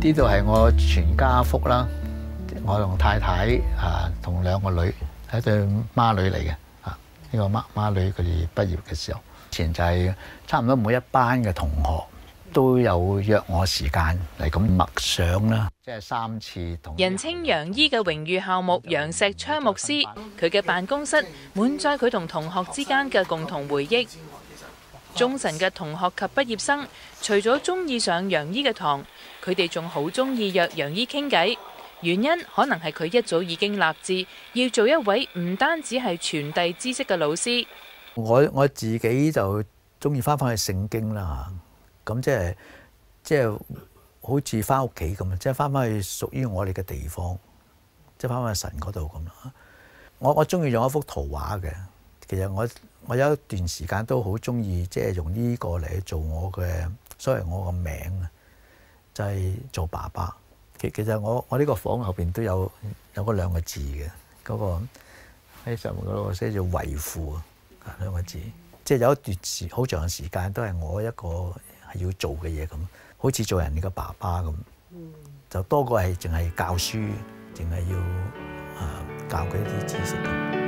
呢度係我全家福啦，我同太太啊，同兩個女係一對孖女嚟嘅啊。呢個孖孖女佢哋畢業嘅時候。前就係差唔多每一班嘅同學都有約我時間嚟咁默想啦，即係三次同人稱楊醫嘅榮譽校牧楊錫鏘牧師，佢嘅辦公室滿載佢同同學之間嘅共同回憶。中神嘅同學及畢業生，除咗鍾意上楊醫嘅堂，佢哋仲好鍾意約楊醫傾偈，原因可能係佢一早已經立志要做一位唔單止係傳遞知識嘅老師。我我自己就中意翻翻去聖經啦，咁即係即係好似翻屋企咁，即係翻翻去屬於我哋嘅地方，即係翻翻去神嗰度咁啦。我我中意用一幅圖畫嘅，其實我我有一段時間都好中意即係用呢個嚟做我嘅，雖然我個名就係、是、做爸爸，其其實我我呢個房後邊都有有嗰兩個字嘅，嗰、那個喺上面嗰個寫住為父。嗯兩個字，嗯、即係有一段時好長嘅時間都係我一個係要做嘅嘢咁，好似做人哋嘅爸爸咁，嗯、就多過係淨係教書，淨係要啊、呃、教佢啲知識。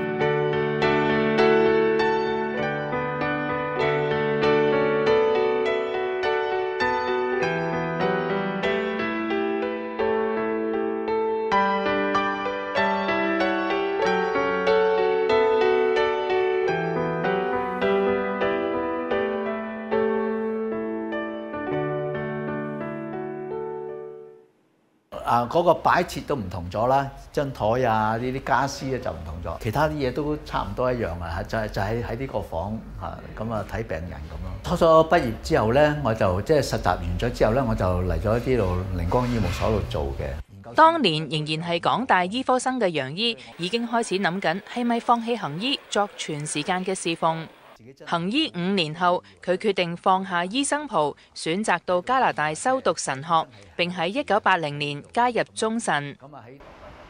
嗰個擺設都唔同咗啦，張枱啊，呢啲家俬咧就唔同咗，其他啲嘢都差唔多一樣啊！就係就喺喺呢個房嚇咁啊，睇病人咁咯。初初畢業之後呢，我就即係實習完咗之後呢，我就嚟咗呢度靈光醫務所度做嘅。當年仍然係港大醫科生嘅楊醫，已經開始諗緊係咪放棄行醫，作全時間嘅侍奉。行醫五年後，佢決定放下醫生袍，選擇到加拿大修讀神學，並喺一九八零年加入中神。咁啊，喺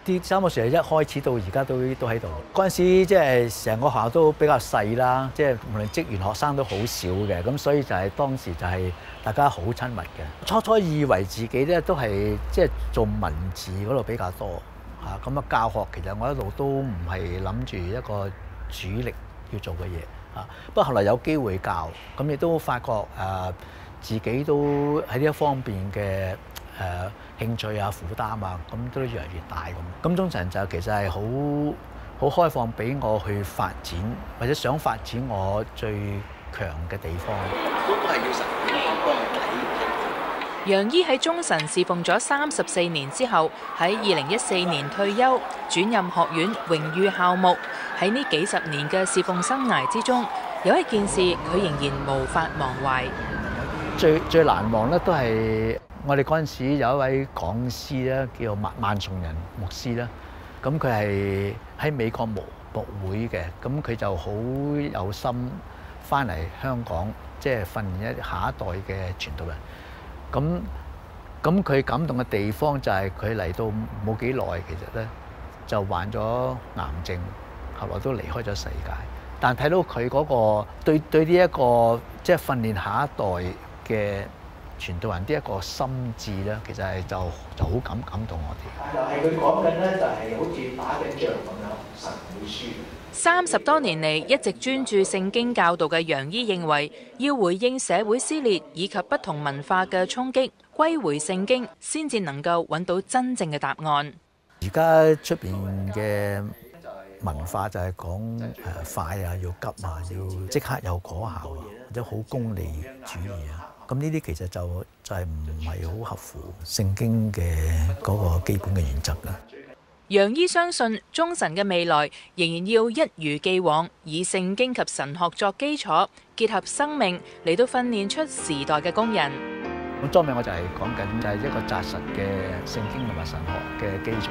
啲三個時係一開始到而家都都喺度。嗰陣時即係成個學校都比較細啦，即係無論職員、學生都好少嘅，咁所以就係當時就係大家好親密嘅。初初以為自己咧都係即係做文字嗰度比較多吓，咁啊教學其實我一路都唔係諗住一個主力要做嘅嘢。啊！不過後來有機會教，咁亦都發覺誒、呃、自己都喺呢一方面嘅誒、呃、興趣啊、負擔啊，咁都越嚟越大咁。中神就其實係好好開放俾我去發展，或者想發展我最強嘅地方。 楊醫喺中神侍奉咗三十四年之後，喺二零一四年退休，轉任學院榮譽校牧。喺呢幾十年嘅侍奉生涯之中，有一件事佢仍然無法忘懷。最最難忘咧，都係我哋嗰陣時有一位講師咧，叫做萬萬崇仁牧師啦。咁佢係喺美國牧會嘅，咁佢就好有心翻嚟香港，即係訓練一下一代嘅傳道人。咁咁佢感動嘅地方就係佢嚟到冇幾耐，其實咧就患咗癌症，後來都離開咗世界。但睇到佢嗰個對對呢一個即係訓練下一代嘅傳道人呢一個心志咧，其實係就就好感感動我哋。就係佢講緊咧，就係好似打緊仗咁樣，神會輸。三十多年嚟，一直專注聖經教導嘅楊醫認為，要回應社會撕裂以及不同文化嘅衝擊，歸回聖經先至能夠揾到真正嘅答案。而家出邊嘅文化就係講誒快啊，要急啊，要即刻有果效，或者好功利主義啊。咁呢啲其實就就係唔係好合乎聖經嘅嗰個基本嘅原則嘅。楊醫相信中神嘅未來仍然要一如既往，以聖經及神學作基礎，結合生命嚟到訓練出時代嘅工人。咁裝命我就係講緊就係、是、一個紮實嘅聖經同埋神學嘅基礎。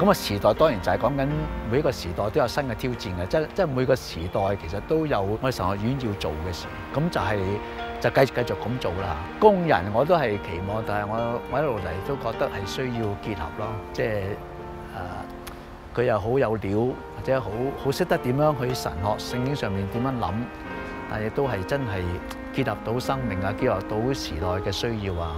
咁啊時代當然就係講緊每一個時代都有新嘅挑戰嘅，即、就、即、是就是、每個時代其實都有我哋神學院要做嘅事，咁就係、是。就繼續繼續咁做啦。工人我都係期望，但係我我一路嚟都覺得係需要結合咯。即係誒，佢、呃、又好有料，或者好好識得點樣去神學聖經上面點樣諗，但係亦都係真係結合到生命啊，結合到時代嘅需要啊。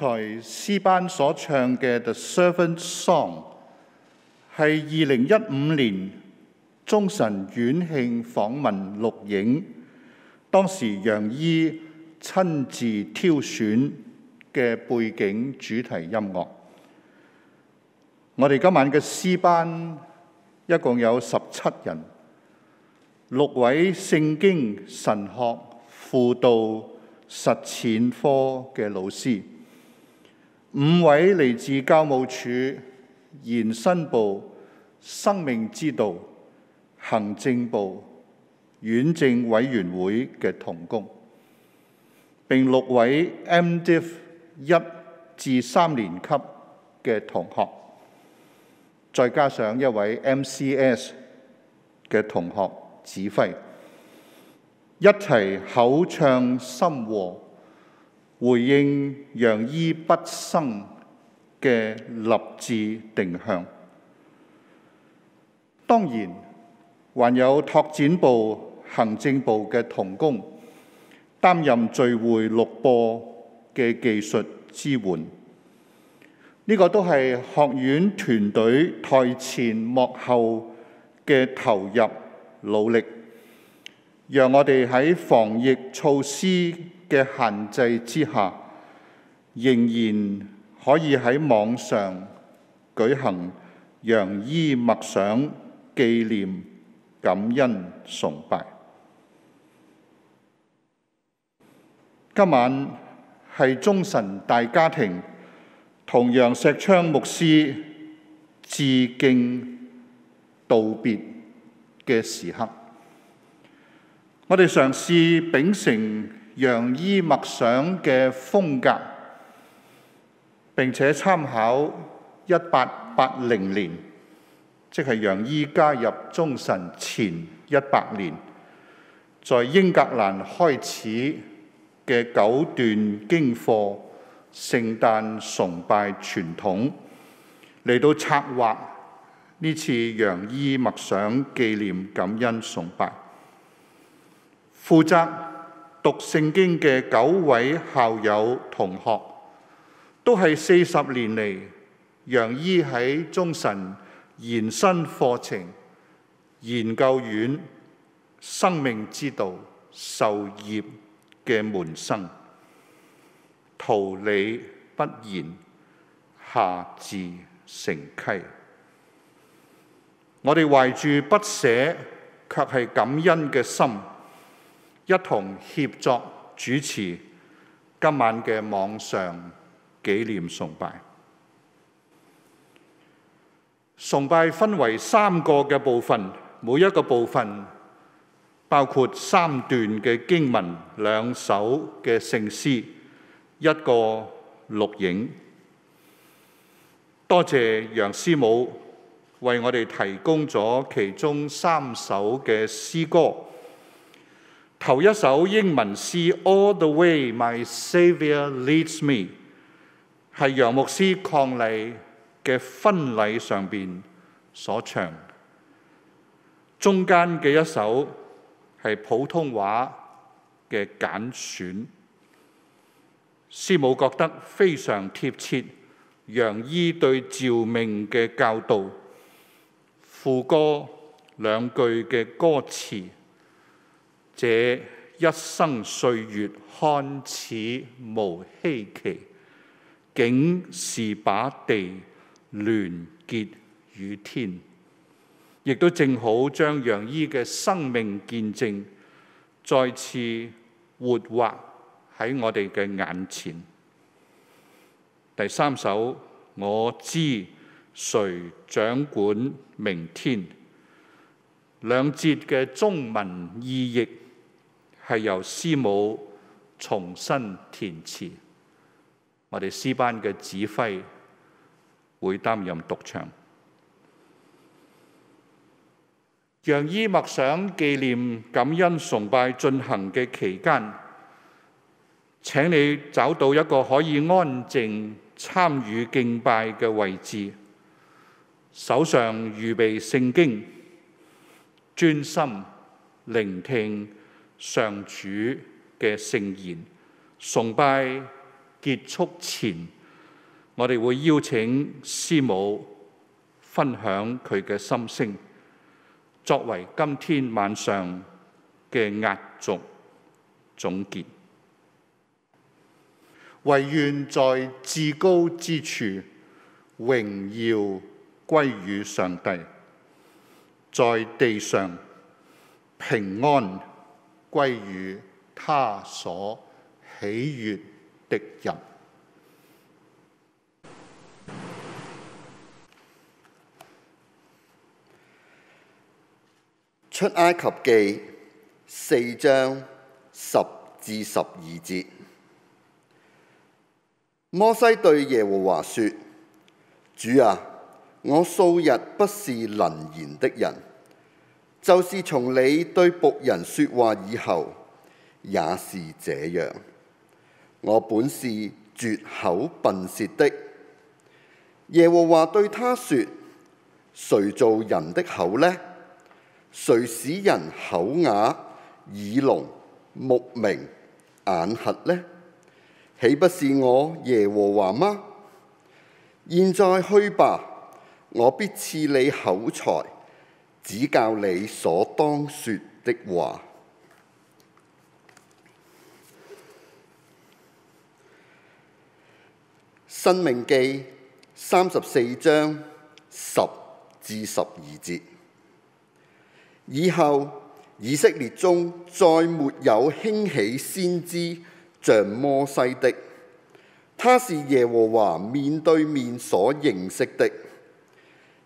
台詩班所唱嘅《The Servant Song》係二零一五年中神院慶訪問錄影，當時楊醫親自挑選嘅背景主題音樂。我哋今晚嘅詩班一共有十七人，六位聖經神學輔導實踐科嘅老師。五位嚟自教務處、延伸部、生命之道、行政部、院政委員會嘅同工，並六位 MDF 一至三年級嘅同學，再加上一位 MCS 嘅同學指揮，一齊口唱心和。回應楊醫畢生嘅立志定向，當然還有拓展部、行政部嘅同工擔任聚會錄播嘅技術支援，呢、這個都係學院團隊台前幕後嘅投入努力，讓我哋喺防疫措施嘅限制之下，仍然可以喺網上舉行楊醫默想、紀念、感恩、崇拜。今晚係中神大家庭同楊錫鏘牧師致敬道別嘅時刻。我哋嘗試秉承。楊醫默想嘅風格，並且參考一八八零年，即係楊醫加入中神前一百年，在英格蘭開始嘅九段經課聖誕崇拜傳統，嚟到策劃呢次楊醫默想紀念感恩崇拜，負責讀聖經嘅九位校友同學，都係四十年嚟楊醫喺中神延伸課程研究院生命之道受業嘅門生，桃李不言，下自成蹊。我哋懷住不捨卻係感恩嘅心。一同協作主持今晚嘅網上紀念崇拜。崇拜分為三個嘅部分，每一個部分包括三段嘅經文、兩首嘅聖詩、一個錄影。多謝楊師母為我哋提供咗其中三首嘅詩歌。頭一首英文詩《All the Way My Savior Leads Me》係楊牧師伉儷嘅婚禮上邊所唱，中間嘅一首係普通話嘅揀選。師母覺得非常貼切，楊醫對召命嘅教導，副歌兩句嘅歌詞。這一生歲月看似無稀奇，竟是把地聯結於天，亦都正好將楊醫嘅生命見證再次活畫喺我哋嘅眼前。第三首，我知誰掌管明天，兩節嘅中文意義，係由師母重新填詞，我哋詩班嘅指揮會擔任獨唱。讓楊醫默想、紀念、感恩、崇拜進行嘅期間，請你找到一個可以安靜參與敬拜嘅位置，手上預備聖經，專心聆聽。上主嘅聖言崇拜結束前，我哋會邀請師母分享佢嘅心聲，作為今天晚上嘅壓軸總結。唯願在至高之處，榮耀歸於上帝，在地上平安，歸於他所喜悅的人。出埃及記四章十至十二節，摩西對耶和華說：主啊，我素日不是能言的人。就是從你對僕人說話以後，也是這樣。我本是拙口笨舌的，耶和華對他說：誰造人的口呢？誰使人口啞耳聾目明眼瞎呢？豈不是我耶和華嗎？現在去吧，我必賜你口才。指教你所當說的話，《申命記》三十四章十至十二節。以後以色列中再沒有興起先知像摩西的，他是耶和華面對面所認識的。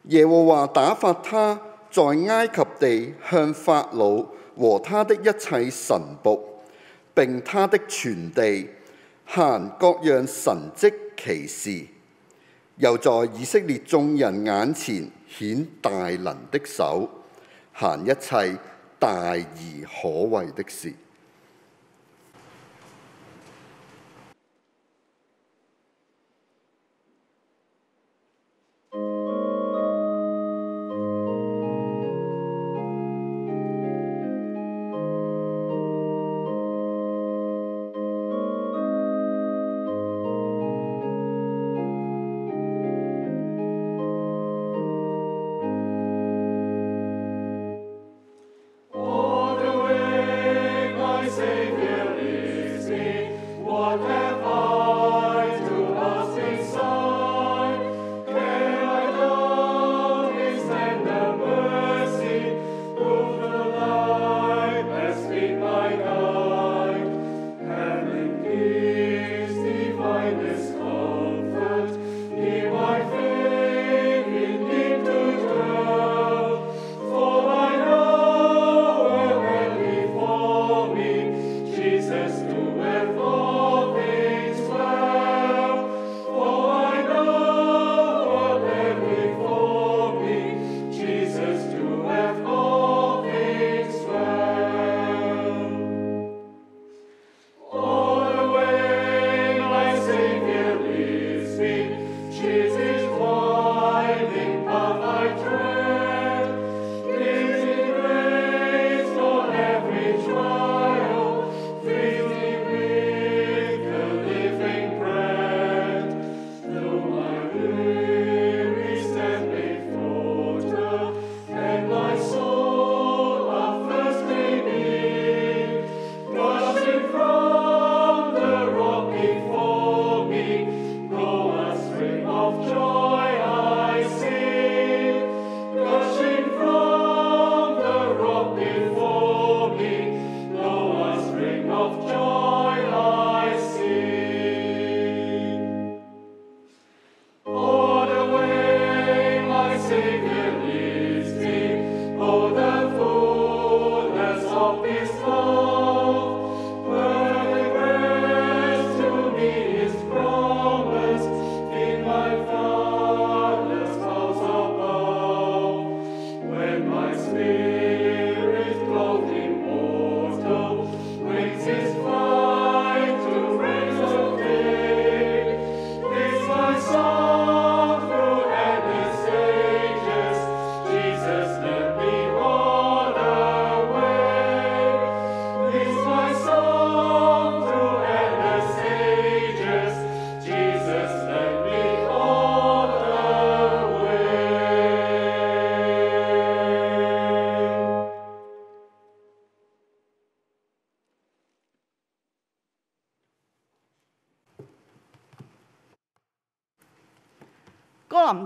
耶和華打發他，在埃及地向法老和他的一切神僕，並他的全地行各樣神蹟奇事，又在以色列眾人眼前顯大能的手，行一切大而可畏的事。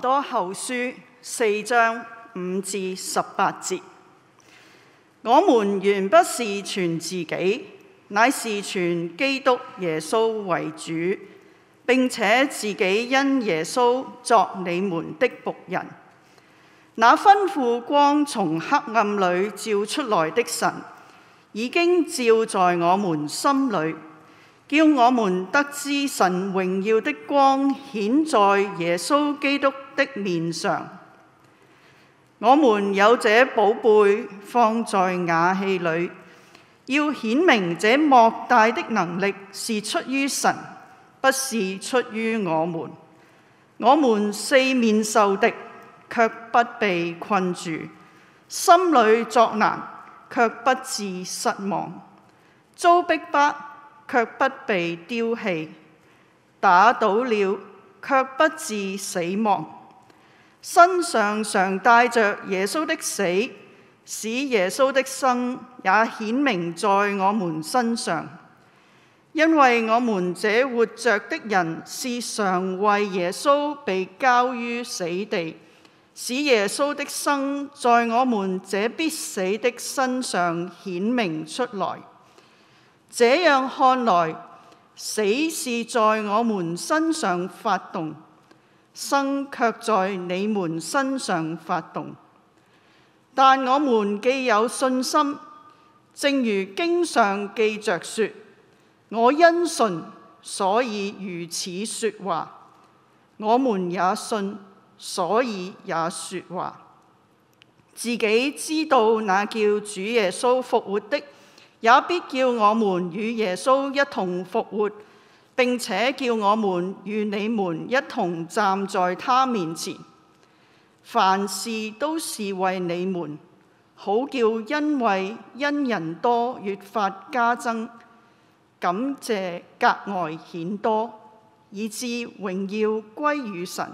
多後書四章五至十八節。我們原不是傳自己，乃是傳基督耶穌為主，並且自己因耶穌作你們的僕人。那吩咐光從黑暗裏照出來的神，已經照在我們心裏，叫我們得知神榮耀的光顯在耶穌基督的面上，我們有這寶貝放在瓦器裏，要顯明這莫大的能力是出於神，不是出於我們。我們四面受敵，卻不被困住；心裏作難，卻不致失望；遭逼迫，卻不被丟棄；打倒了，卻不致死亡。身上常帶着耶穌的死，使耶穌的生也顯明在我們身上。因為我們這活着的人，是常為耶穌被交於死地，使耶穌的生在我們這必死的身上顯明出來。這樣看來，死是在我們身上發動。生卻在你們身上發動，但我們既有信心，正如經上記着說：我因信所以如此説話，我們也信所以也説話。自己知道那叫主耶穌復活的，也必叫我們與耶穌一同復活。並且叫我們與你們一同站在他面前，凡事都是為你們，好叫因為因人多越發加增感謝格外顯多，以致榮耀歸於神。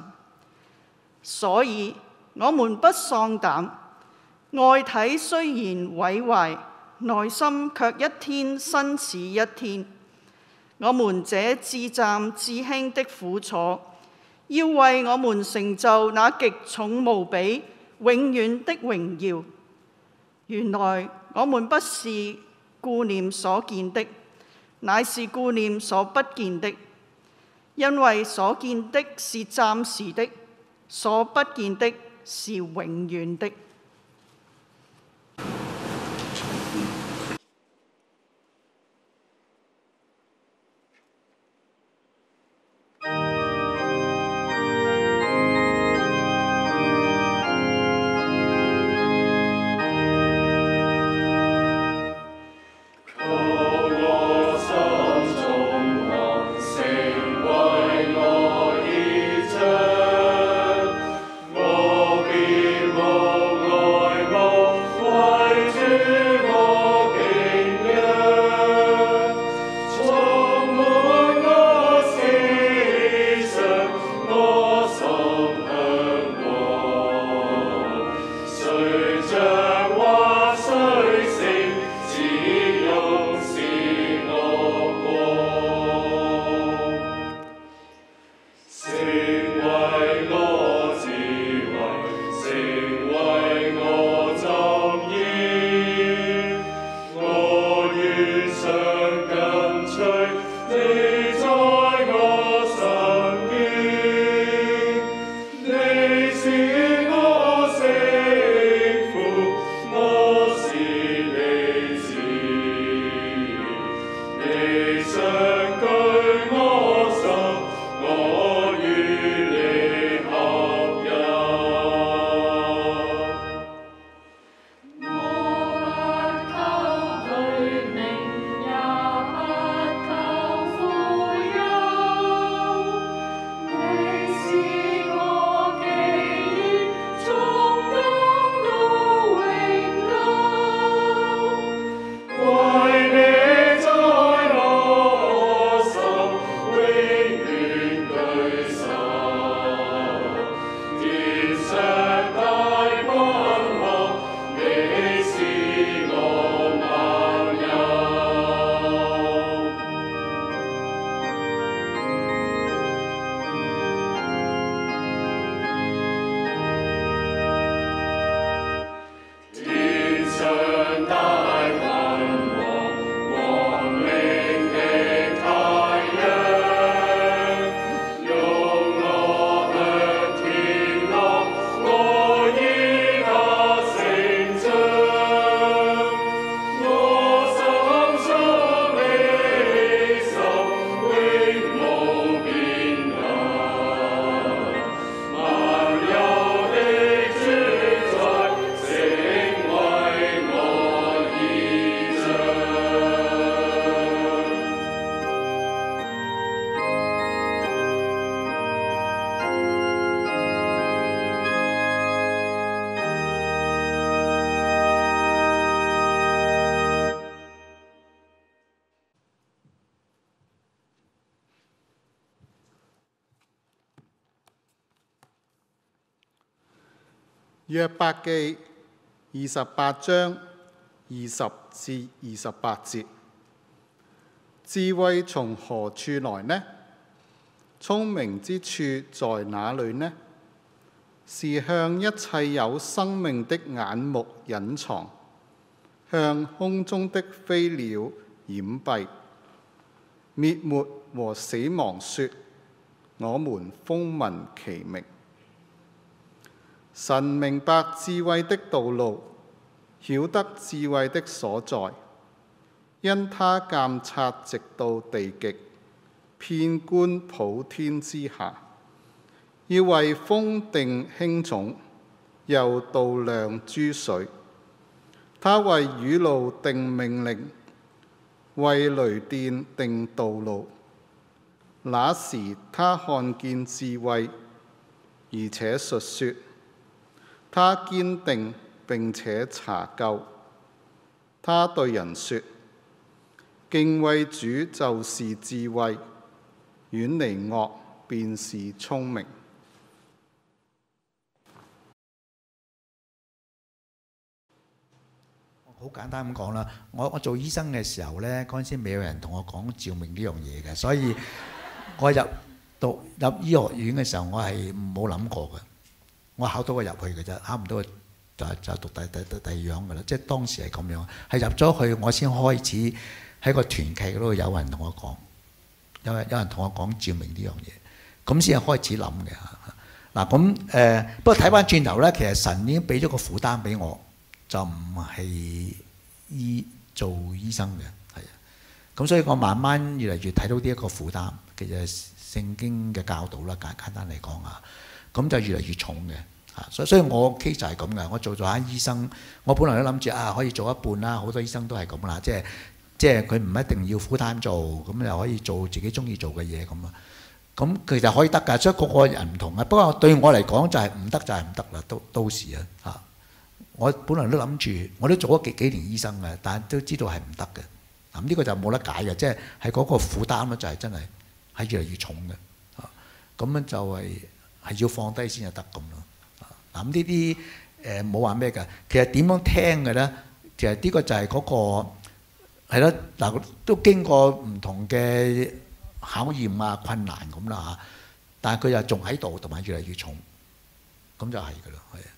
所以我們不喪膽，外體雖然毀壞，內心卻一天新似一天。我們這至暫至輕的苦楚，要為我們成就那極重無比、永遠的榮耀。原來我們不是顧念所見的，乃是顧念所不見的，因為所見的是暫時的，所不見的是永遠的。約伯記二十八章二十至二十八節，智慧從何處來呢？聰明之處在哪裏呢？是向一切有生命的眼目隱藏，向空中的飛鳥掩蔽，滅沒和死亡說：我們風聞其名。神明白智慧的道路，曉得智慧的所在，因他監察直到地極，遍觀普天之下，要為風定輕重，又度量諸水。他為雨露定命令，為雷電定道路。那時他看見智慧，而且述説。他堅定並且查究，他對人說：敬畏主就是智慧，遠離惡便是聰明。好簡單咁講啦，我我做醫生嘅時候呢，嗰陣時未有人同我講召命呢樣嘢嘅，所以我入讀入醫學院嘅時候，我係冇諗過嘅。我考到個入去嘅啫，考唔到就就讀第第第二樣嘅啦。即係當時係咁樣，係入咗去我先開始喺個團契嗰度有人同我講，有有人同我講召命呢樣嘢，咁先係開始諗嘅。嗱咁誒，不過睇翻轉頭咧，其實神已經俾咗個負擔俾我，就唔係醫做醫生嘅，係啊。咁所以我慢慢越嚟越睇到呢一個負擔，其實聖經嘅教導啦，簡簡單嚟講啊。咁就越嚟越重嘅，嚇！所所以，我 case 就係咁嘅。我做咗下醫生，我本來都諗住啊，可以做一半啦。好多醫生都係咁啦，即係即係佢唔一定要 full time 做，咁又可以做自己中意做嘅嘢咁啊。咁其實可以得㗎，所以個個人唔同啊。不過對我嚟講就係唔得就係唔得啦，到到時啊，嚇！我本來都諗住，我都做咗幾幾年醫生嘅，但係都知道係唔得嘅。咁、啊、呢、嗯呢個就冇得解嘅，即係係嗰個負擔就係真係係越嚟越重嘅。啊，咁樣就係、是。係要放低先就得咁咯。嗱呢啲誒冇話咩㗎。其實點樣聽嘅咧，其實呢個就係嗰個係咯。嗱，都經過唔同嘅考驗啊、困難咁啦嚇。但係佢又仲喺度，同埋越嚟越重，咁就係㗎咯。係啊。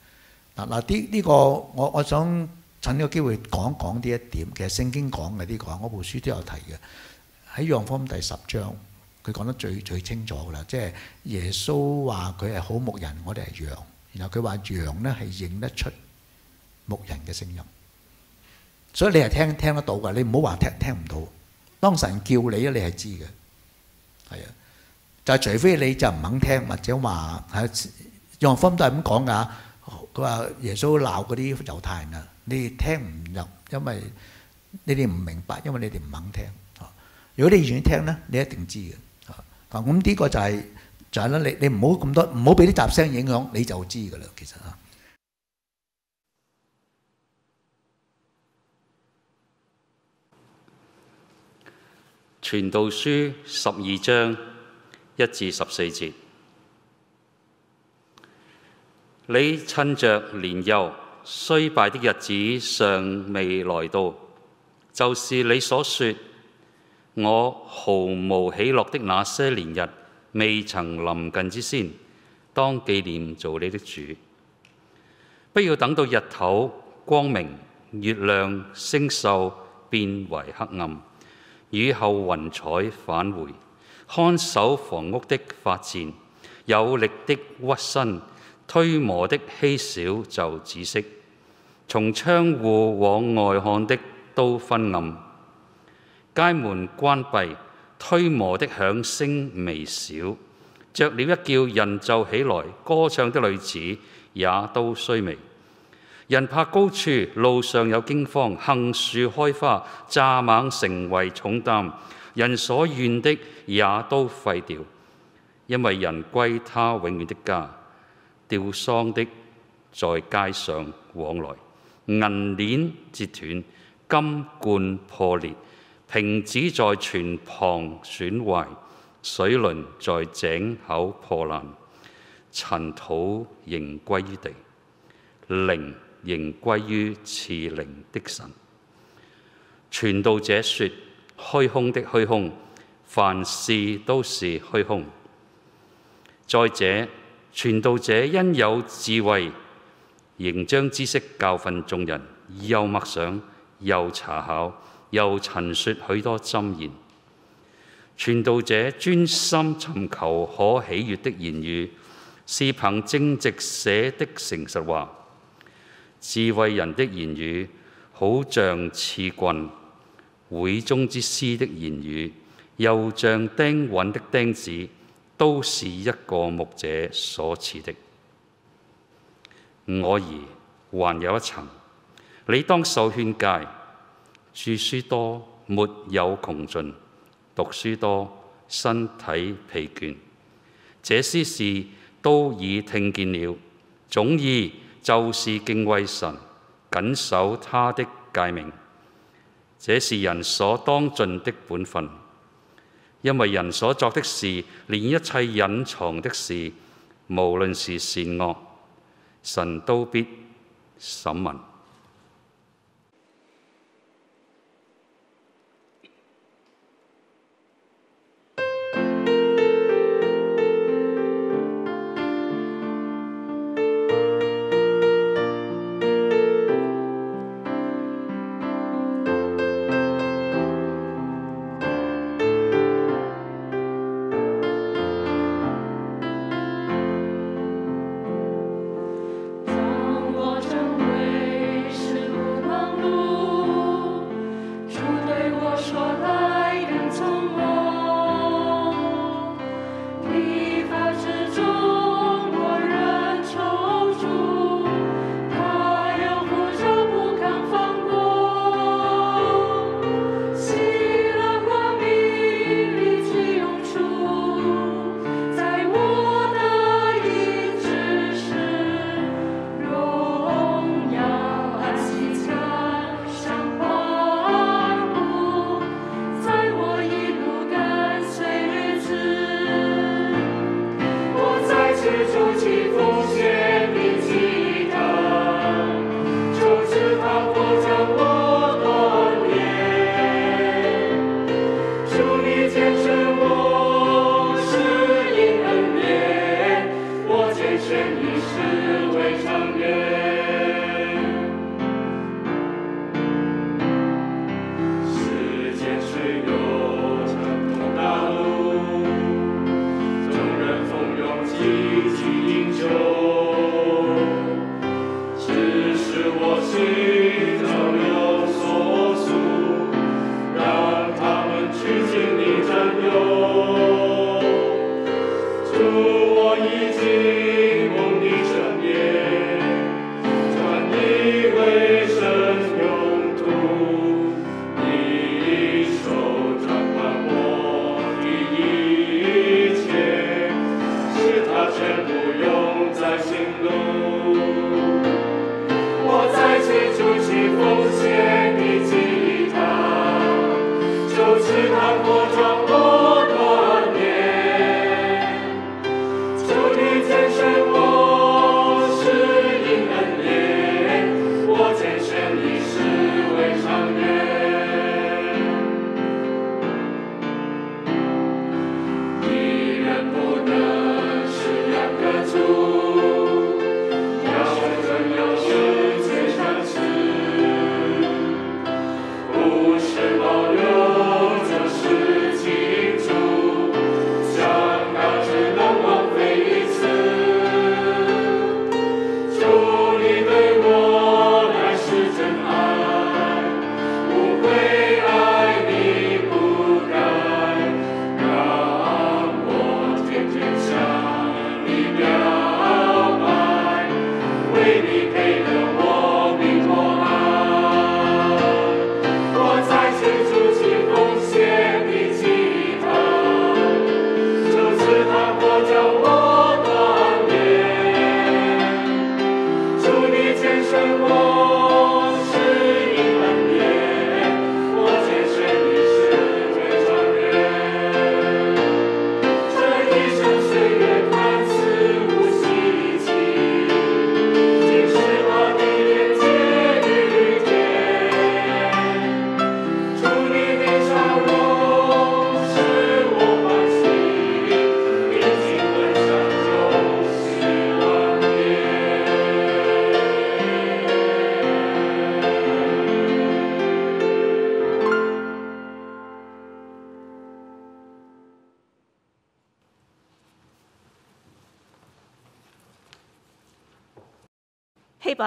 嗱嗱，啲呢個我我想趁呢個機會講一講呢一點。其實聖經講嘅呢個，我部書都有提嘅，喺約翰第十章。佢講得最最清楚啦，即係耶穌話佢係好牧人，我哋係羊。然後佢話羊咧係認得出牧人嘅聲音，所以你係聽聽得到㗎。你唔好話聽聽唔到，當神叫你咧，你係知嘅，係啊。就係除非你就唔肯聽，或者話啊楊芬都係咁講㗎。佢話耶穌鬧嗰啲猶太人啊，你聽唔入，因為你哋唔明白，因為你哋唔肯聽。如果你願意聽咧，你一定知嘅。嗱，咁呢、嗯這個就係就係啦，你你唔好咁多，唔好畀啲雜聲影響，你就知噶啦。其實啊，《傳道書》十二章一至十四節，你趁着年幼衰敗的日子尚未來到，就是你所說。我毫無喜樂的那些年日，未曾臨近之先，當記念造你的主。不要等到日頭光明，月亮星宿變為黑暗，雨後雲彩返回，看守房屋的發顫，有力的屈身，推磨的稀少就止息，從窗戶往外看的都昏暗。街門關閉，推磨的響聲微小，雀鳥一叫，人就起來，歌唱的女子也都衰微。人怕高處，路上有驚慌，杏樹開花，蚱蜢成為重擔。人所願的也都廢掉，因為人歸他永遠的家。吊喪的在街上往來，銀鏈折斷，金冠破裂。瓶子在泉旁損壞，水輪在井口破爛，塵土仍歸於地，靈仍歸於賜靈的神。傳道者説：虛空的虛空，凡事都是虛空。再者，傳道者因有智慧，仍將知識教訓眾人，又默想，又查考。又陳説許多箴言，傳道者專心尋求可喜悦的言語，是憑正直寫的誠實話。智慧人的言語好像刺棍，會中之師的言語又像釘穩的釘子，都是一個牧者所賜的。我兒還有一層，你當受勸戒。著書多沒有窮盡，讀書多身體疲倦，這些事都已聽見了。總意就是敬畏神，謹守他的誡命，這是人所當盡的本分。因為人所作的事，連一切隱藏的事，無論是善惡，神都必審問。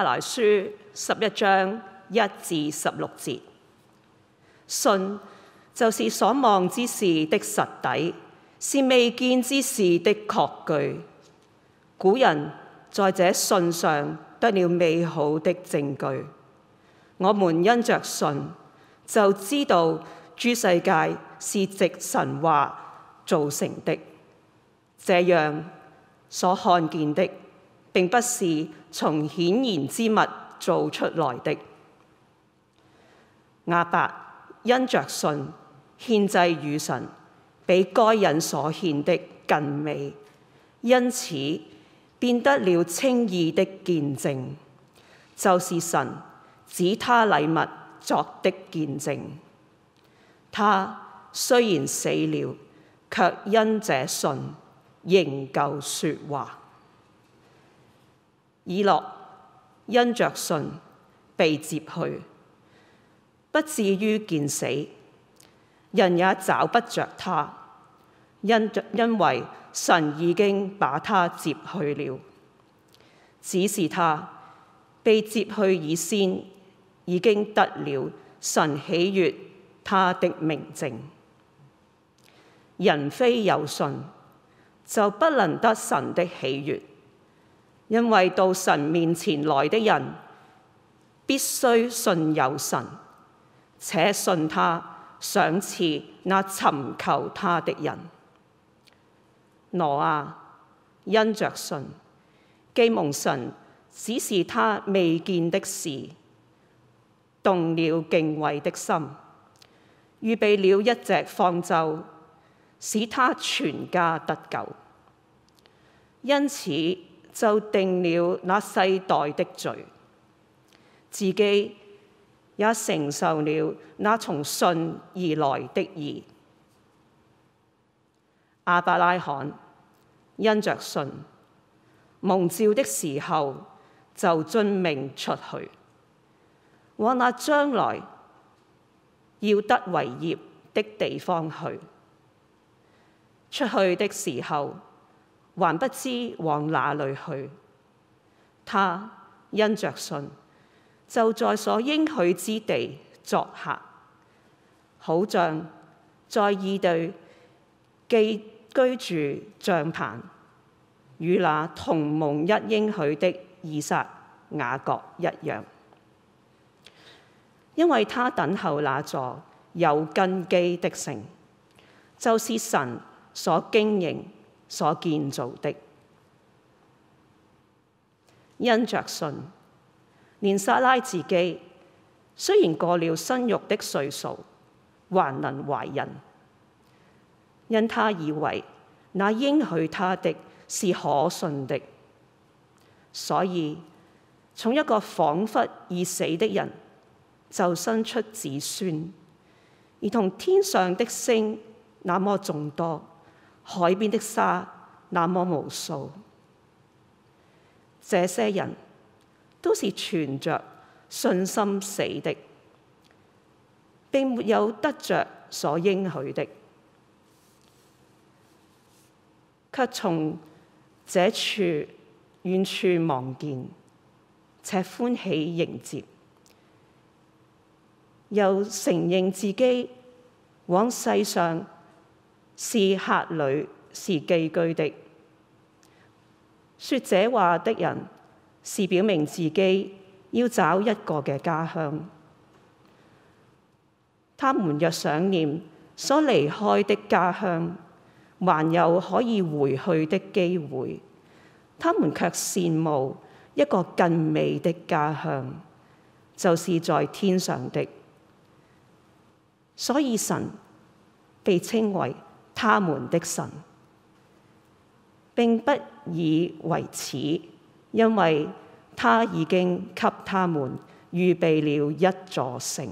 希伯來書十一章一至十六節。信就是所望之事的實底，是未見之事的確據。古人在這信上得了美好的證據，我們因着信就知道諸世界是藉神話造成的，這樣所看見的並不是。從顯然之物造出來。的亞伯因着信獻祭與神，比該隱所獻的更美，因此便得了稱義的見證。就是神指他禮物作的見證。他雖然死了，卻因這信仍舊說話。以諾，因着信被接去，不至於見死。人也找不着他，因因為神已經把他接去了。只是他被接去以先，已經得了神喜悅他的明證。人非有信，就不能得神的喜悅。因為到神面前來的人，必須信有神，且信他賞賜那尋求他的人。挪亞、啊、因着信，既蒙神指示他未見的事，動了敬畏的心，預備了一隻方舟，使他全家得救。因此。就定了那世代的罪，自己也承受了那從信而來的義。亞伯拉罕因着信，蒙召的時候就遵命出去往那將來要得為業的地方去。出去的時候。還不知往哪裏去，他因着信，就在所應許之地作客，好像在異地寄居住帳棚，與那同蒙一應許的以撒雅各一樣，因為他等候那座有根基的城，就是神所經營所建造的，因着信，連撒拉自己雖然過了生育的歲數，還能懷孕，因他以為那應許他的是可信的，所以從一個仿佛已死的人就生出子孫，而同天上的星那麼眾多。海邊的沙那麼無數，這些人都是存着信心死的，並沒有得着所應許的，卻從這處遠處望見，且歡喜迎接，又承認自己往世上，是客旅，是寄居的。說這話的人，是表明自己要找一個的家鄉。他們若想念所離開的家鄉，還有可以回去的機會，他們卻羨慕一個更美的家鄉，就是在天上的。所以神被稱為。他們的神並不以為恥，因為他已經給他們預備了一座城。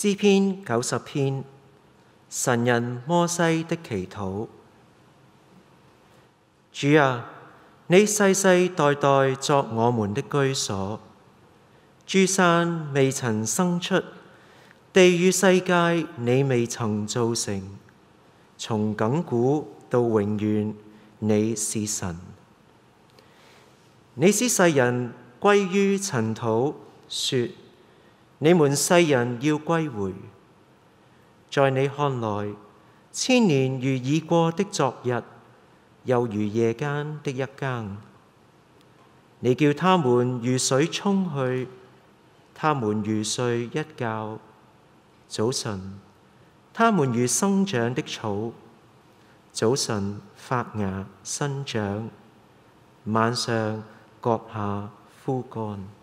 詩篇九十篇，神人摩西的祈禱。主啊，你世世代代作我們的居所，諸山未曾生出，地與世界你未曾造成，從亙古到永遠，你是神，你使世人歸於塵土，說。你們世人要歸回，在你看來，千年如已過的昨日，又如夜間的一更。你叫他們如水沖去，他們如睡一覺。早晨，他們如生長的草；早晨發芽生長，晚上割下枯乾。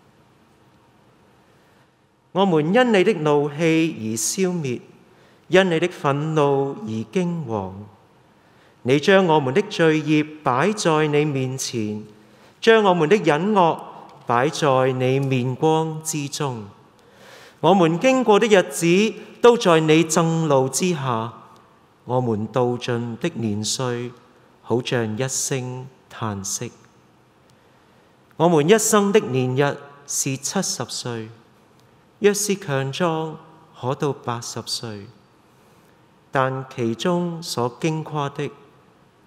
我們因你的怒氣而消滅，因你的憤怒而驚惶。你將我們的罪孽擺在你面前，將我們的隱惡擺在你面光之中。我們經過的日子都在你震怒之下，我們度盡的年歲好像一聲嘆息。我們一生的年日是七十歲。若是強壯，可到八十歲，但其中所矜誇的，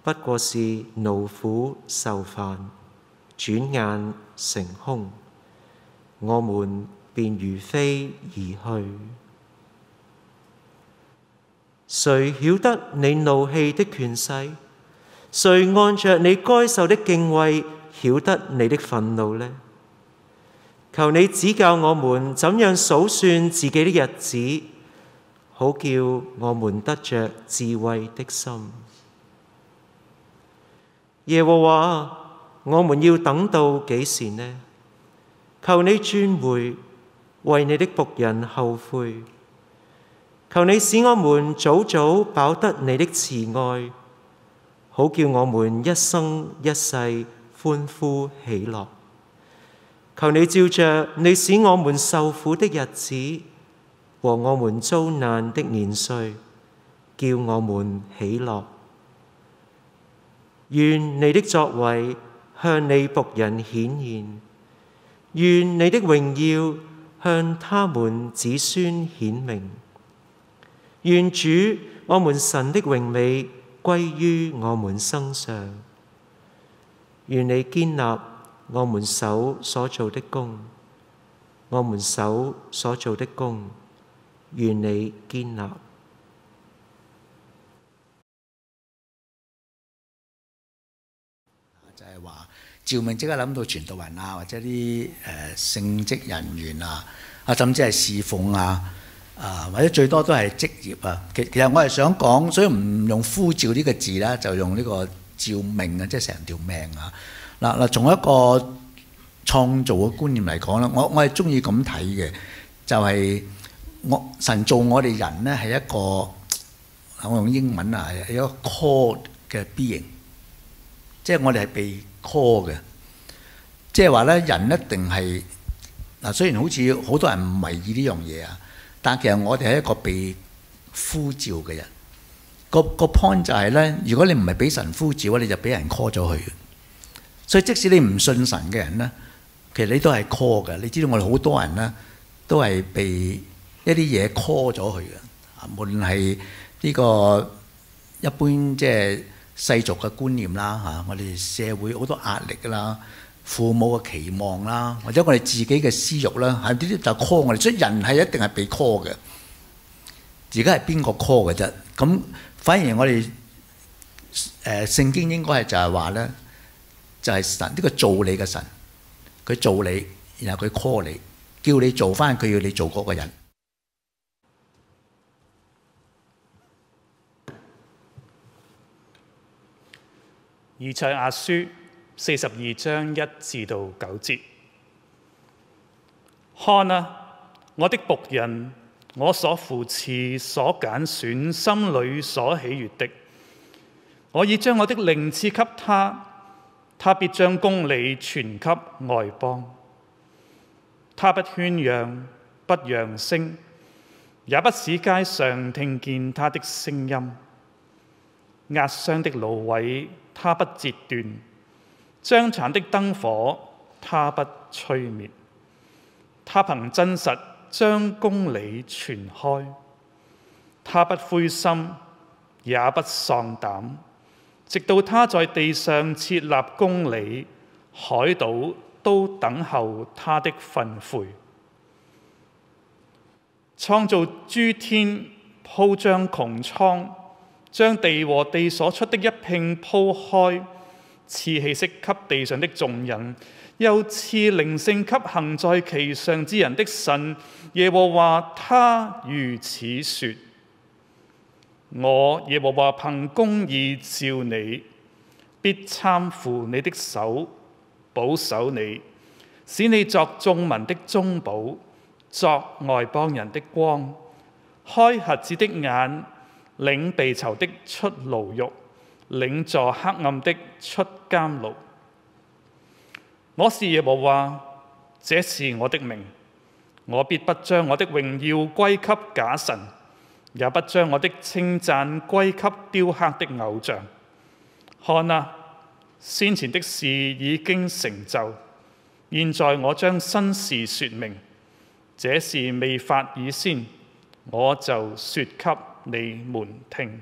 不過是勞苦愁煩，轉眼成空，我們便如飛而去。誰曉得你怒氣的權勢？誰按着你該受的敬畏曉得你的憤怒呢？求你指教我們怎樣數算自己的日子，好叫我們得着智慧的心。耶和華，我們要等到幾時呢？求你轉回，為你的僕人後悔。求你使我們早早飽得你的慈愛，好叫我們一生一世歡呼喜樂。求你照着你使我們受苦的日子和我們遭難的年歲，叫我們喜樂。願你的作為向你僕人顯現，願你的榮耀向他們子孫顯明。願主我們神的榮美歸於我們身上。願你建立。我們手所做的工，我們手所做的工，願你堅立。就係話召命，即刻諗到傳道人啊，或者啲誒聖職人員啊，啊，甚至係侍奉啊，啊，或者最多都係職業啊。其其實我係想講，所以唔用呼召呢個字啦，就用呢個召命啊，即係成條命啊。嗱嗱，從一個創造嘅觀念嚟講咧，我我係中意咁睇嘅，就係、係、我神做我哋人咧係一個，我用英文啊，係一個 call 嘅 being 即係我哋係被 call 嘅，即係話咧人一定係嗱，雖然好似好多人唔為意呢樣嘢啊，但其實我哋係一個被呼召嘅人。個個 point 就係咧，如果你唔係俾神呼召嘅，你就俾人 call 咗佢。所以即使你唔信神嘅人咧，其實你都係 call 嘅。你知道我哋好多人咧都係被一啲嘢 call 咗佢嘅。啊，無論係呢個一般即係世俗嘅觀念啦嚇，我哋社會好多壓力啦、父母嘅期望啦，或者我哋自己嘅私欲啦，係呢啲就 call 我哋。所以人係一定係被 call 嘅。而家係邊個 call 嘅啫？咁反而我哋誒聖經應該係就係話咧。就係神呢個造你嘅神，佢造你，然後佢 call 你，叫你做返佢要你做嗰個人。以賽亞書四十二章一至到九節，看啊，我的僕人，我所扶持、所揀選、心裏所喜悅的，我已將我的靈賜給他。他必將公理傳給外邦，他不喧嚷，不揚聲，也不使街上聽見他的聲音。壓傷的蘆葦，他不折斷；將殘的燈火，他不吹滅。他憑真實將公理傳開，他不灰心，也不喪膽。直到他在地上設立公里，海島都等候他的焚誨。創造諸天鋪張窮倉，鋪張穹蒼，將地和地所出的一片鋪開，賜氣息給地上的眾人，又賜靈性給行在其上之人的神耶和華，他如此說。我耶和華憑公義召你，必攙扶你的手，保守你，使你作眾民的中保，作外邦人的光，開瞎子的眼，領被囚的出牢獄，領坐黑暗的出監牢。我是耶和華，這是我的名，我必不將我的榮耀歸給假神。也不將我的稱讚歸給雕刻的偶像。看啊，先前的事已經成就，現在我將新事説明。這事未發以先，我就説給你們聽。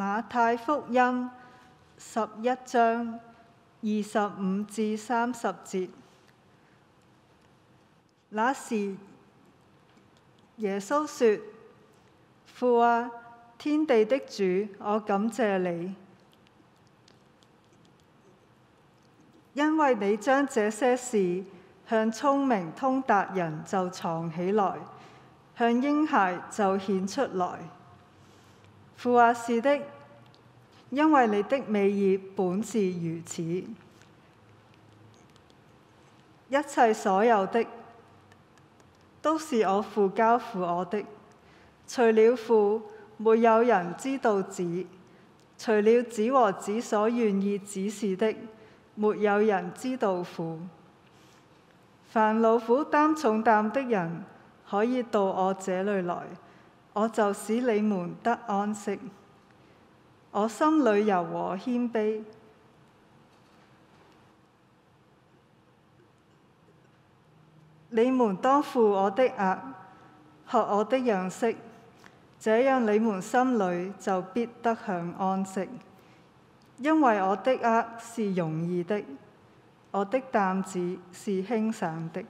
馬太福音十一章二十五至三十節，那時耶穌說：父啊，天地的主，我感謝你，因為你將這些事向聰明通達人就藏起來，向嬰孩就顯出來。父也、啊、是的，因為你的美意本是如此。一切所有的都是我父交付我的。除了父，沒有人知道子；除了子和子所願意指示的，沒有人知道父。凡勞苦擔重擔的人，可以到我這裏來。我就使你們得安息。我心裡柔和謙卑，你們當負我的額，學我的樣式，這樣你們心裏就必得享安息，因為我的額是容易的，我的擔子是輕省的。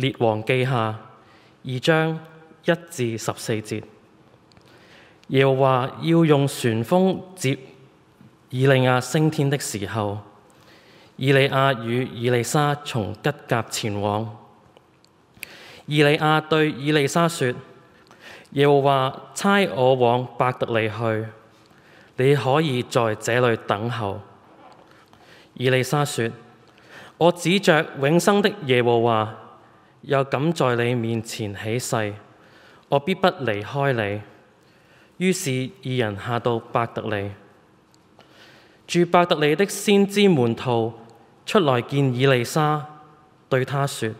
列王記下二章一至十四節，耶和華要用旋風接以利亞升天的時候，以利亞與以利沙從吉甲前往。以利亞對以利沙說：耶和華差我往伯特利去，你可以在這裏等候。以利沙說：我指着永生的耶和華。又敢在你面前起誓，我必不離開你。於是二人下到伯特利。住伯特利的先知門徒出來見以利沙，對他説：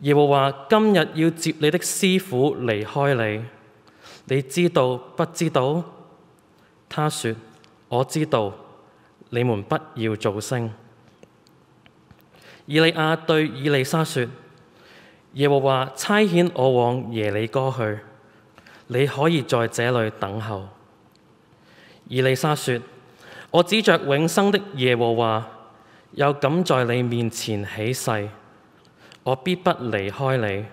耶和華今日要接你的師傅離開你，你知道不知道？他説：我知道。你們不要造聲。以利亞對以利沙說：耶和華差遣我往耶利哥去，你可以在這裏等候。以利沙說：我指着永生的耶和華，又敢在你面前起誓，我必不離開你。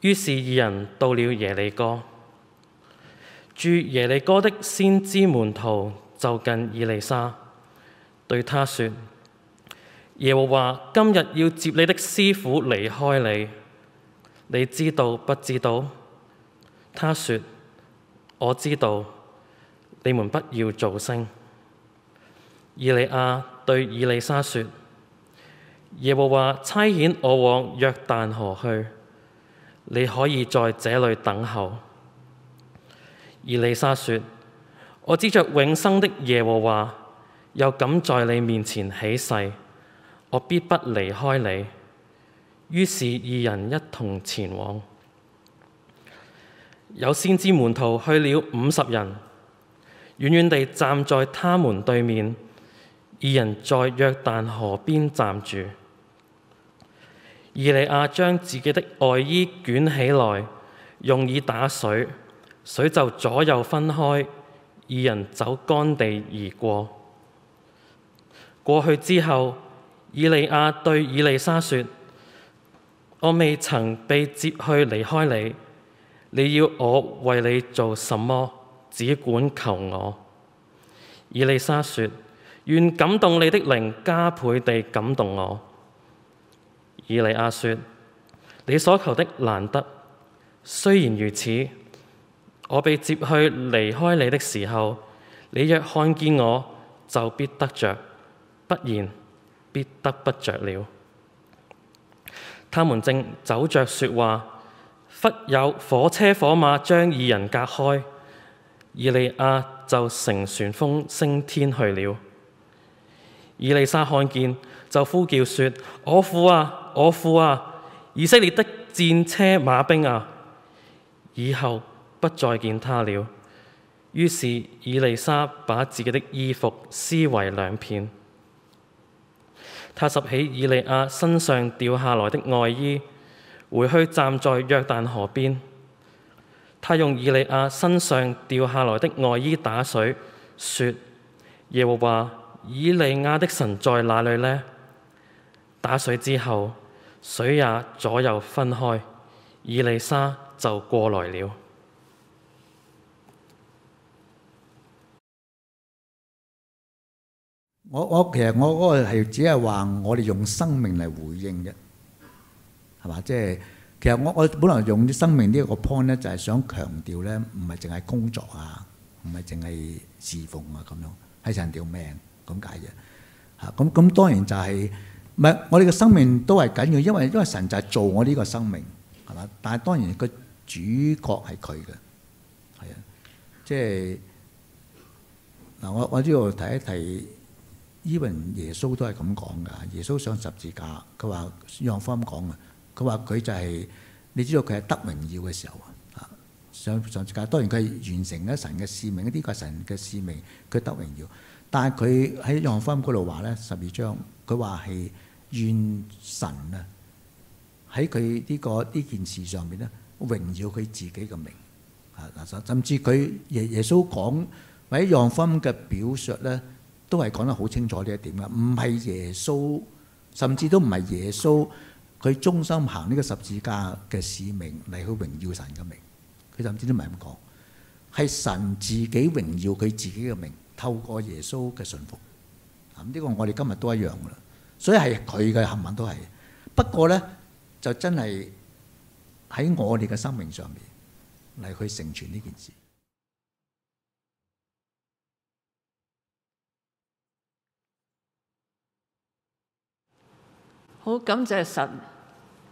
於是二人到了耶利哥。住耶利哥的先知門徒就近以利沙，對他說。耶和華今日要接你的師傅離開你，你知道不知道？他說：我知道，你們不要作聲。以利亞對以利沙說：耶和華差遣我往約旦河去，你可以在這裏等候。以利沙說：我指着永生的耶和華，又敢在你面前起誓。我必不離開你。於是二人一同前往。有先知門徒去了五十人，遠遠地站在他們對面。二人在約旦河邊站住。以利亞將自己的外衣捲起來，用以打水，水就左右分開。二人走乾地而過。過去之後。以利亞對以利沙說：我未曾被接去離開你，你要我為你做什麼，只管求我。以利沙說：願感動你的靈加倍地感動我。以利亞說：你所求的難得，雖然如此，我被接去離開你的時候，你若看見我就必得着，不然。必得不着了。他們正走着說話，忽有火車火馬將二人隔開，以利亞就乘旋風升天去了。以利沙看見，就呼叫說：我父啊，我父啊，以色列的戰車馬兵啊，以後不再見他了。於是以利沙把自己的衣服撕為兩片。他拾起以利亞身上掉下來的外衣，回去站在約旦河邊。他用以利亞身上掉下來的外衣打水，說：耶和華，以利亞的神在哪裏呢？打水之後，水也左右分開，以利沙就過來了。我我其實我嗰個係只係話我哋用生命嚟回應啫，係嘛？即係其實我我本來用啲生命呢一個 point 咧，就係想強調咧，唔係淨係工作啊，唔係淨係侍奉啊，咁樣係神條命咁解啫。吓，咁咁當然就係唔係我哋嘅生命都係緊要，因為因為神就係做我呢個生命，係嘛？但係當然個主角係佢嘅，係啊，即係嗱，我我呢度提一提。Even 耶穌都係咁講噶，耶穌上十字架，佢話讓方講啊，佢話佢就係、是、你知道佢係得榮耀嘅時候啊，上上十字架。當然佢係完成咗神嘅使命，呢、這個係神嘅使命，佢得榮耀。但係佢喺讓方嗰度話咧，十二章佢話係願神啊、這個，喺佢呢個呢件事上面咧榮耀佢自己嘅名啊，甚至佢耶耶穌講喺讓方嘅表述咧。都係講得好清楚呢一點啦，唔係耶穌，甚至都唔係耶穌，佢忠心行呢個十字架嘅使命嚟去榮耀神嘅名。佢甚至都唔係咁講，係神自己榮耀佢自己嘅名，透過耶穌嘅信服。咁、這、呢個我哋今日都一樣㗎啦，所以係佢嘅涵義都係，不過呢，就真係喺我哋嘅生命上面嚟去成全呢件事。好感謝神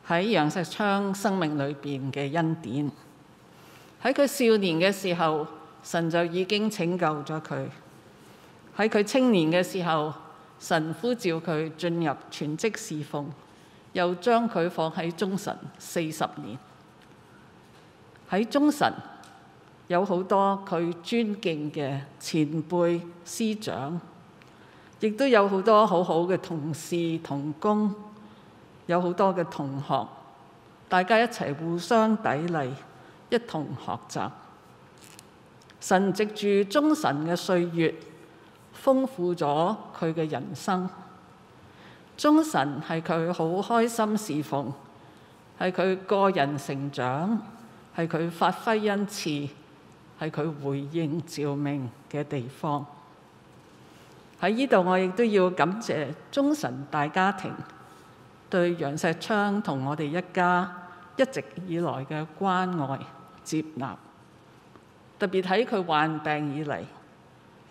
喺楊錫鏘生命裏邊嘅恩典。喺佢少年嘅時候，神就已經拯救咗佢；喺佢青年嘅時候，神呼召佢進入全職侍奉，又將佢放喺中神四十年。喺中神有好多佢尊敬嘅前輩師長，亦都有很多很好多好好嘅同事同工。有好多嘅同學，大家一齊互相砥礪，一同學習。神藉住中神嘅歲月，豐富咗佢嘅人生。中神係佢好開心侍奉，係佢個人成長，係佢發揮恩賜，係佢回應召命嘅地方。喺呢度，我亦都要感謝中神大家庭。對楊錫鏘同我哋一家一直以來嘅關愛接納，特別喺佢患病以嚟，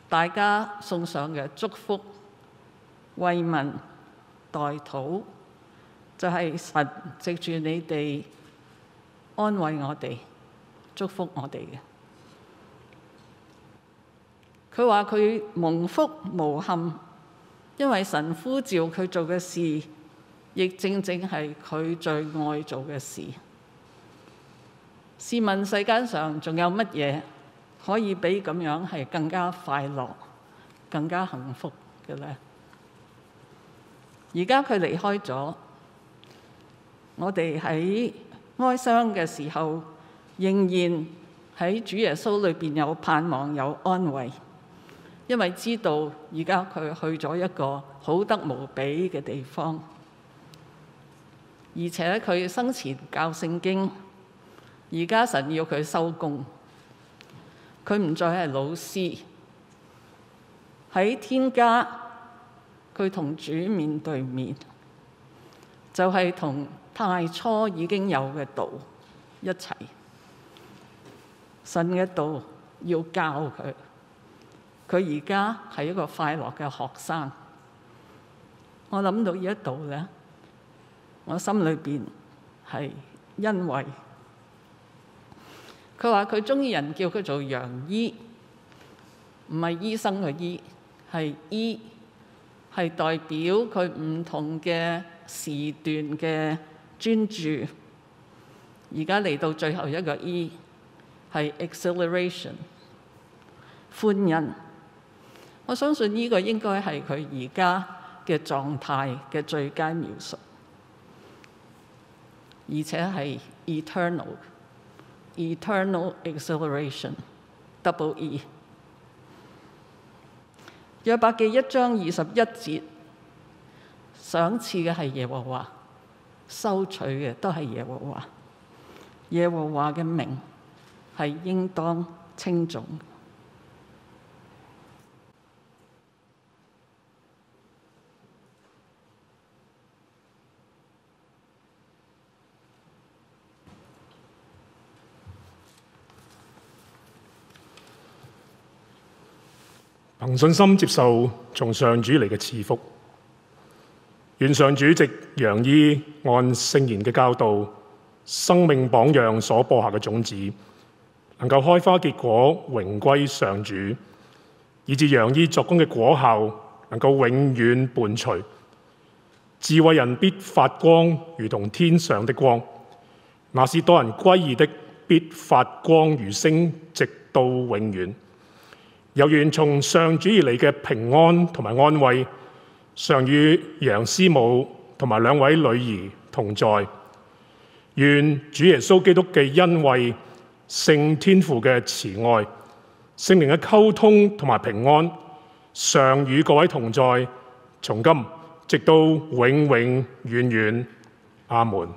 大家送上嘅祝福、慰問、代禱，就係、是、神藉住你哋安慰我哋、祝福我哋嘅。佢話佢蒙福無憾，因為神呼召佢做嘅事。亦正正係佢最愛做嘅事。試問世間上仲有乜嘢可以比咁樣係更加快樂、更加幸福嘅呢？而家佢離開咗，我哋喺哀傷嘅時候，仍然喺主耶穌裏面有盼望、有安慰，因為知道而家佢去咗一個好得無比嘅地方。而且佢生前教聖經，而家神要佢收工，佢唔再係老師，喺天家佢同主面對面，就係、是、同太初已經有嘅道一齊，神嘅道要教佢，佢而家係一個快樂嘅學生。我諗到呢一道咧。我心裏邊係因為佢話佢鍾意人叫佢做楊醫，唔係醫生嘅醫，係醫係代表佢唔同嘅時段嘅專注。而家嚟到最後一個醫係 exhilaration 歡欣，我相信呢個應該係佢而家嘅狀態嘅最佳描述。而且係 eternal，eternal exhilaration，double E。約伯記一章二十一節，賞賜嘅係耶和華，收取嘅都係耶和華，耶和華嘅名係應當稱頌。憑信心接受從上主嚟嘅賜福，願上主席楊醫按聖言嘅教導、生命榜樣所播下嘅種子，能夠開花結果，榮歸上主，以致楊醫作工嘅果效能夠永遠伴隨。智慧人必發光，如同天上的光；那是多人歸義的，必發光如星，直到永遠。有願從上主而嚟嘅平安同埋安慰，常與楊師母同埋兩位女兒同在。願主耶穌基督嘅恩惠、聖天父嘅慈愛、聖靈嘅溝通同埋平安，常與各位同在，從今直到永永遠遠。阿門。